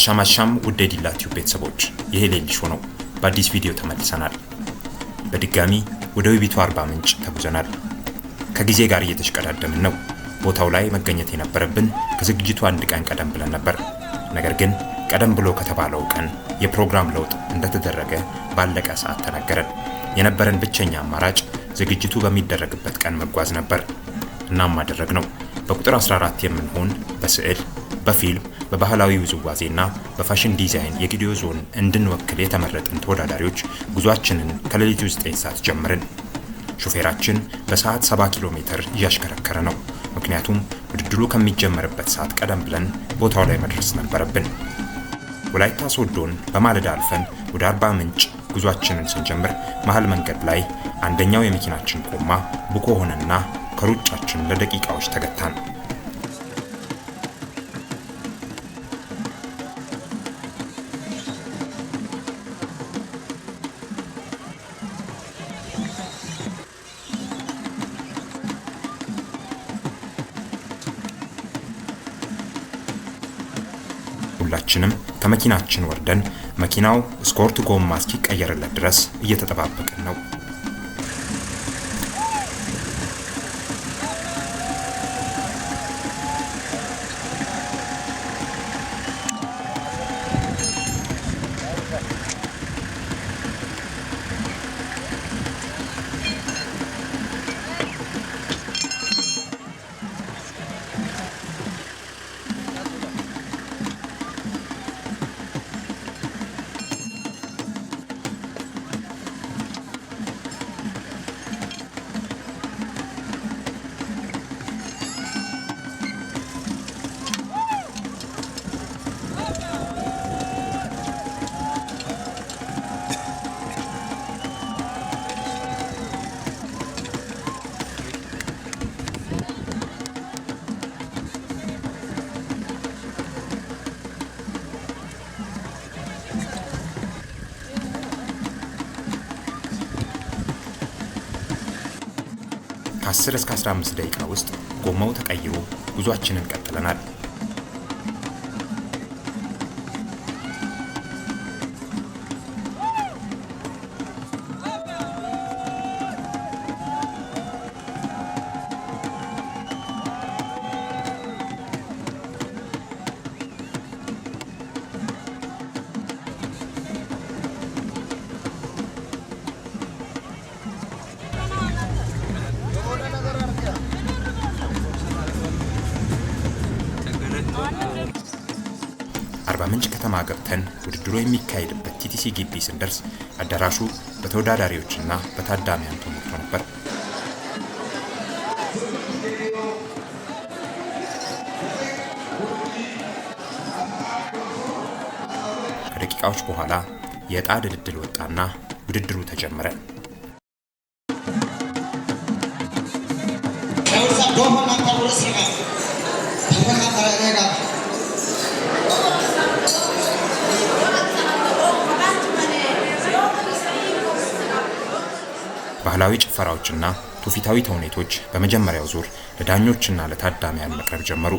አሻማሻም ውድ የዲላቲው ቤተሰቦች ይሄ ሌሊሾ ነው። በአዲስ ቪዲዮ ተመልሰናል። በድጋሚ ወደ ውቢቱ አርባ ምንጭ ተጉዘናል። ከጊዜ ጋር እየተሽቀዳደምን ነው። ቦታው ላይ መገኘት የነበረብን ከዝግጅቱ አንድ ቀን ቀደም ብለን ነበር። ነገር ግን ቀደም ብሎ ከተባለው ቀን የፕሮግራም ለውጥ እንደተደረገ ባለቀ ሰዓት ተነገረን። የነበረን ብቸኛ አማራጭ ዝግጅቱ በሚደረግበት ቀን መጓዝ ነበር። እናም አደረግነው። በቁጥር 14 የምንሆን በስዕል በፊልም በባህላዊ ውዝዋዜና በፋሽን ዲዛይን የጌዴኦ ዞን እንድንወክል የተመረጥን ተወዳዳሪዎች ጉዟችንን ከሌሊቱ 9 ሰዓት ጀምርን። ሾፌራችን በሰዓት 70 ኪሎ ሜትር እያሽከረከረ ነው። ምክንያቱም ውድድሩ ከሚጀመርበት ሰዓት ቀደም ብለን ቦታው ላይ መድረስ ነበረብን። ወላይታ ሶዶን በማለዳ አልፈን ወደ አርባ ምንጭ ጉዟችንን ስንጀምር መሀል መንገድ ላይ አንደኛው የመኪናችን ጎማ ብቆ ሆነና ከሩጫችን ለደቂቃዎች ተገታን። ሁላችንም ከመኪናችን ወርደን መኪናው ስኮርት ጎማ እስኪቀየርለት ድረስ እየተጠባበቅን ነው። ከ10 እስከ 15 ደቂቃ ውስጥ ጎማው ተቀይሮ ጉዟችንን ቀጥለናል። ከአርባ ምንጭ ከተማ ገብተን ውድድሩ የሚካሄድበት ቲቲሲ ግቢ ስንደርስ አዳራሹ በተወዳዳሪዎችና በታዳሚያን ተሞልቶ ነበር። ከደቂቃዎች በኋላ የዕጣ ድልድል ወጣና ውድድሩ ተጀመረ። ባህላዊ ጭፈራዎችና ትውፊታዊ ተውኔቶች በመጀመሪያው ዙር ለዳኞችና ለታዳሚያን መቅረብ ጀመሩ።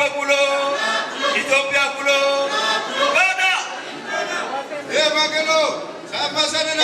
በኩሎ ኢትዮጵያ ኩሎ ጋዳ የማገሎ ሳማሰነና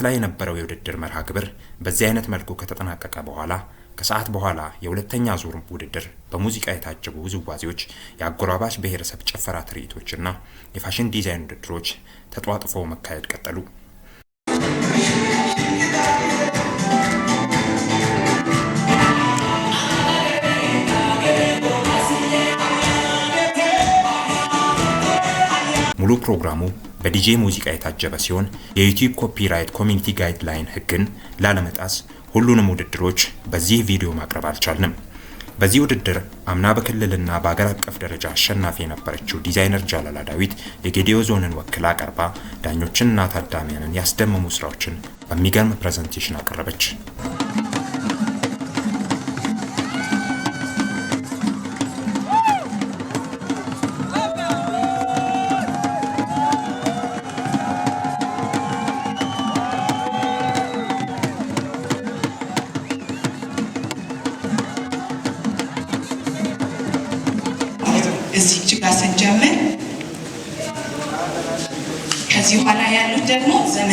ጠዋት ላይ የነበረው የውድድር መርሃ ግብር በዚህ አይነት መልኩ ከተጠናቀቀ በኋላ ከሰዓት በኋላ የሁለተኛ ዙር ውድድር በሙዚቃ የታጀቡ ውዝዋዜዎች፣ የአጎራባች ብሔረሰብ ጭፈራ ትርኢቶችና የፋሽን ዲዛይን ውድድሮች ተጧጥፎ መካሄድ ቀጠሉ። ሙሉ ፕሮግራሙ በዲጄ ሙዚቃ የታጀበ ሲሆን የዩቲዩብ ኮፒራይት ኮሚኒቲ ጋይድላይን ህግን ላለመጣስ ሁሉንም ውድድሮች በዚህ ቪዲዮ ማቅረብ አልቻልንም። በዚህ ውድድር አምና በክልልና በአገር አቀፍ ደረጃ አሸናፊ የነበረችው ዲዛይነር ጃላላ ዳዊት የጌዲዮ ዞንን ወክላ አቀርባ ዳኞችንና ታዳሚያንን ያስደመሙ ስራዎችን በሚገርም ፕሬዘንቴሽን አቀረበች።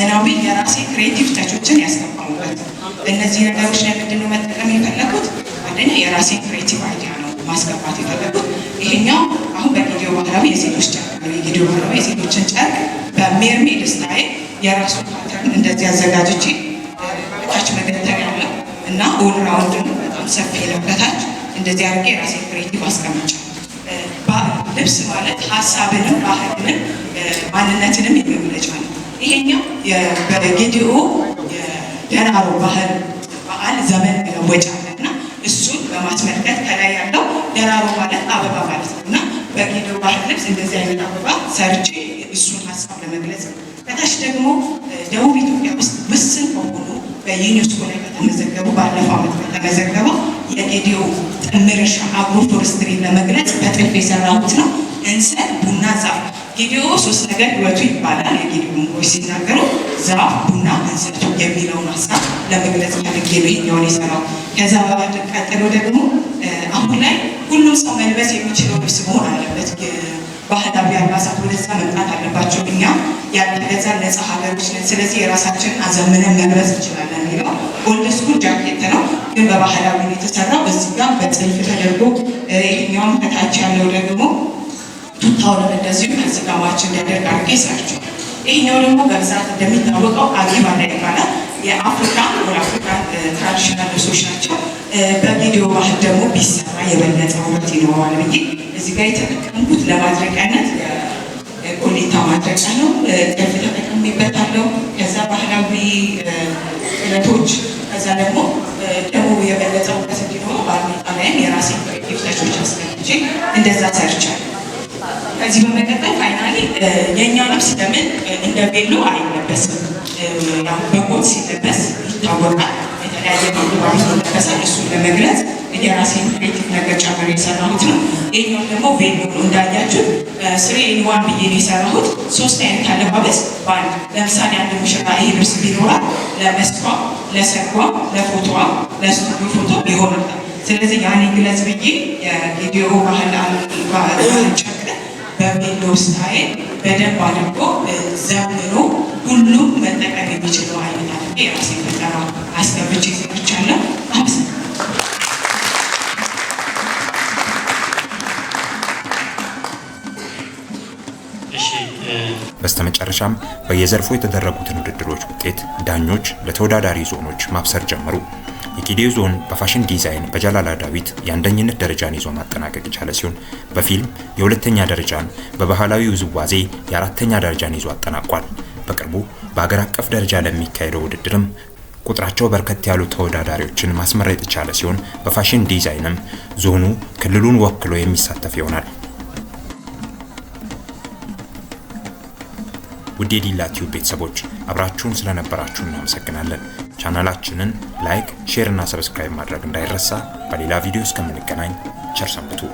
ዘመናዊ የራሴ ክሬቲቭ ተቾችን ያስገባሙበት። በእነዚህ ነገሮች ላይ ምንድን ነው መጠቀም የፈለጉት? አንደኛ የራሴ ክሬቲቭ አይዲያ ነው ማስገባት የፈለጉት። ይሄኛው አሁን በጊዲዮ ባህላዊ የሴቶች ጨርቅ ነው። ባህላዊ የሴቶችን ጨርቅ በሜርሜድ ስታይል የራሱ ፓተርን እንደዚህ አዘጋጅቼ ታች መገንተን ያለ እና ኦል ራውንድ ነው በጣም ሰፊ ለበታች እንደዚህ አድርጌ የራሴ ክሬቲቭ አስቀምጫ ልብስ ማለት ሀሳብንም ባህልንም ማንነትንም የሚመለጫ ነው። ይሄኛው በጌዲኦ የደናሮ ባህል በዓል ዘመን መለወጫ እና እሱን በማስመልከት ከላይ ያለው ደናሮ ማለት አበባ ማለት ነው እና በጌዲኦ ባህል ልብስ እንደዚህ አይነት አበባ ሰርቼ እሱን ሀሳብ ለመግለጽ ነው። ከታች ደግሞ ደቡብ ኢትዮጵያ ውስጥ ውስን በሆኑ በዩኔስኮ ላይ ከተመዘገቡ ባለፈው ዓመት ከተመዘገበው የጌዲኦ ጥምር እርሻ አግሮ ፎረስትሪን ለመግለጽ በጥልፍ የሰራሁት ነው። እንሰት፣ ቡና፣ ዛፍ ጌዲዮ ሶስት ነገር ህይወቱ ይባላል። የጌዲዮን ቦይ ሲናገሩ ዛፍ፣ ቡና፣ አንሰርቶ የሚለውን ሀሳብ ለመግለጽ ፈልጌ ነው ይኛውን የሰራው። ከዛ ቀጥሎ ደግሞ አሁን ላይ ሁሉም ሰው መልበስ የሚችለው ልብስ መሆን አለበት። ባህላዊ አልባሳት ወደዛ መምጣት አለባቸው። እኛ ያልተገዛ ነፃ ሀገሮች ነን። ስለዚህ የራሳችንን አዘምነን መልበስ እንችላለን የሚለው ኦልድ ስኩል ጃኬት ነው፣ ግን በባህላዊ የተሰራ በዚህ ጋር በጥልፍ ተደርጎ ይህኛውም ከታች ያለው ደግሞ አሁንም እንደዚሁ ከዚህ ጋማችን እንዲያደርግ አድርጌ ሰርቸው። ይህኛው ደግሞ በብዛት እንደሚታወቀው አጊባና ይባላል። የአፍሪካ አፍሪካ ትራዲሽናል ልብሶች ናቸው። በቪዲዮ ባህል ደግሞ ቢሰራ የበለጠ ውበት ይኖረዋል ብዬ እዚህ ጋር የተጠቀምኩት ለማድረቂያነት ቆሌታ ማድረቂያ ነው። ጥልፍ ተጠቅሜበታለሁ። ከዛ ባህላዊ ጥለቶች፣ ከዛ ደግሞ ደግሞ የበለጠ ውበት እንዲኖረው በአርሜጣ ላይም የራሴ ጊፍታቾች አስገብቼ እንደዛ ሰርቻለሁ። ከዚህ በመቀጠል ፋይናሊ የእኛ ልብስ ለምን እንደ ቤሎ አይለበስም? በኮት ሲለበስ ይታወቃል። የተለያየ ባንድ ይለበሳል። እሱን ለመግለጽ የራሴን ክሬቲቭ ነገር ጨምሬ የሰራሁት ነው። ይህኛው ደግሞ ቬሎ ነው። እንዳያችሁ ስሪ ኢንዋን ብዬ ነው የሰራሁት። ሶስት አይነት አለባበስ በአንድ ለምሳሌ አንድ ሙሽራ ይሄ ልብስ ቢኖራት ለመስቷ፣ ለሰርጓ፣ ለፎቶዋ፣ ለስቱዲዮ ፎቶ ይሆናል። ስለዚህ ያን ግለጽ ብዬ የቪዲዮ ባህል ባህል በሜሎስ ኃይል በደንብ አድርጎ ዘምሮ ሁሉም መጠቀም የሚችለው አይነት አድርጌ የራሴ ፈጠራ አስገብቼ ዜኖቻለሁ። በስተመጨረሻም በየዘርፉ የተደረጉትን ውድድሮች ውጤት ዳኞች ለተወዳዳሪ ዞኖች ማብሰር ጀመሩ። የጌዴኦ ዞን በፋሽን ዲዛይን በጃላላ ዳዊት የአንደኝነት ደረጃን ይዞ ማጠናቀቅ የቻለ ሲሆን በፊልም የሁለተኛ ደረጃን፣ በባህላዊ ውዝዋዜ የአራተኛ ደረጃን ይዞ አጠናቋል። በቅርቡ በአገር አቀፍ ደረጃ ለሚካሄደው ውድድርም ቁጥራቸው በርከት ያሉ ተወዳዳሪዎችን ማስመረጥ የቻለ ሲሆን በፋሽን ዲዛይንም ዞኑ ክልሉን ወክሎ የሚሳተፍ ይሆናል። ውዴ የዲላ ቲዩብ ቤተሰቦች አብራችሁን ስለነበራችሁ እናመሰግናለን። ቻናላችንን ላይክ፣ ሼር እና ሰብስክራይብ ማድረግ እንዳይረሳ። በሌላ ቪዲዮ እስከምንገናኝ ቸር ሰንብቱ።